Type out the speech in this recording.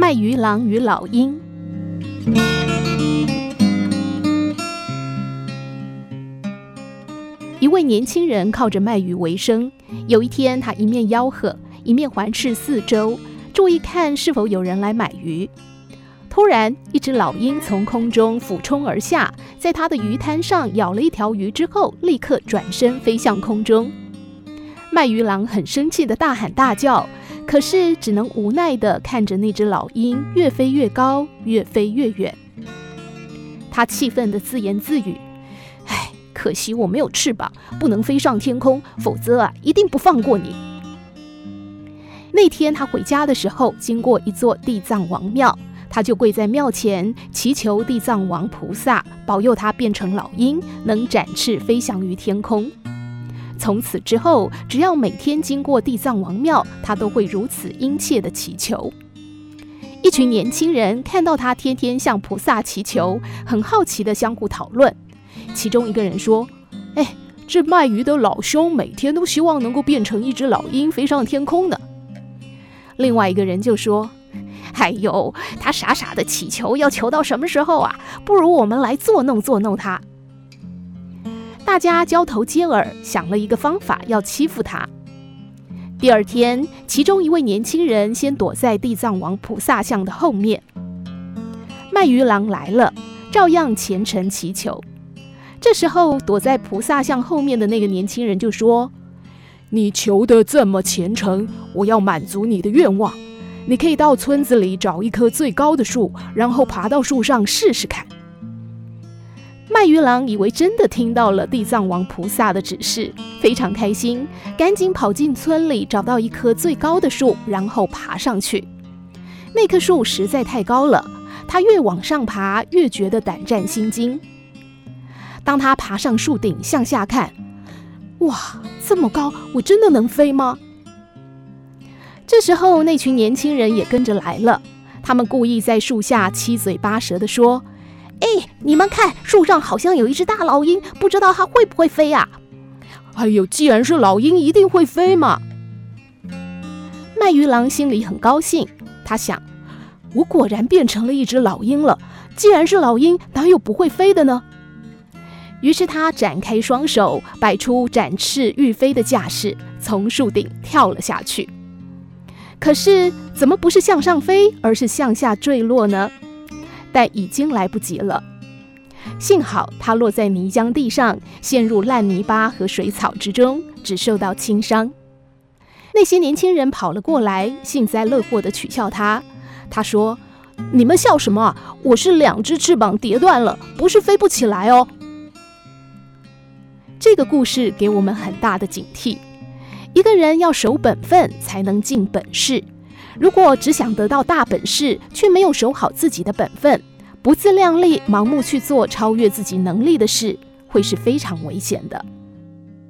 賣魚郎與老鷹。一位年輕人靠着賣魚為生。有一天，他一面吆喝，一面環視四周，注意看是否有人來買魚。突然，一隻老鷹從空中俯衝而下，在他的魚攤上咬了一條魚之後，立刻轉身飛向空中。賣魚郎很生氣地大喊大叫。可是，只能無奈地看着那隻老鷹越飛越高，越飛越遠。他氣憤地自言自語：“唉，可惜我沒有翅膀，不能飛上天空，否則啊，一定不放過你。”那天他回家的時候，經過一座地藏王廟，他就跪在廟前祈求地藏王菩薩保佑他變成老鷹，能展翅飛翔於天空。從此之後，只要每天經過地藏王廟，他都會如此殷切的祈求。一群年輕人看到他天天向菩薩祈求，很好奇的相互討論。其中一個人說：“哎，這賣魚的老兄每天都希望能夠變成一隻老鷹飛上天空呢。”另外一個人就說：“哎喲，他傻傻的祈求，要求到什麼時候啊？不如我們來作弄作弄他。”大家交頭接耳，想了一個方法要欺負他。第二天，其中一位年輕人先躲在地藏王菩薩像的後面。賣魚郎來了，照樣虔誠祈求。這時候，躲在菩薩像後面的那個年輕人就說：“你求得這麼虔誠，我要滿足你的願望。你可以到村子裡找一棵最高的樹，然後爬到樹上試試看。”賣魚郎以為真的聽到了地藏王菩薩的指示，非常開心，趕緊跑進村裡，找到一棵最高的樹，然後爬上去。那棵樹實在太高了，他越往上爬，越覺得膽戰心驚。當他爬上樹頂，向下看，哇，這麼高，我真的能飛嗎？這時候，那群年輕人也跟着來了，他們故意在樹下七嘴八舌地說。哎，你們看，樹上好像有一隻大老鷹，不知道它會不會飛啊？哎呦，既然是老鷹，一定會飛嘛！賣魚郎心裡很高興，他想：我果然變成了一隻老鷹了。既然是老鷹，哪有不會飛的呢？於是他展開雙手，擺出展翅欲飛的架勢，從樹頂跳了下去。可是，怎麼不是向上飛，而是向下墜落呢？但已經來不及了。幸好他落在泥漿地上，陷入爛泥巴和水草之中，只受到輕傷。那些年輕人跑了過來，幸災樂禍地取笑他。他說：“你們笑什麼？我是兩隻翅膀跌斷了，不是飛不起來哦。”這個故事給我們很大的警惕：一個人要守本分，才能盡本事。如果只想得到大本事，卻沒有守好自己的本分，不自量力、盲目去做超越自己能力的事，會是非常危險的。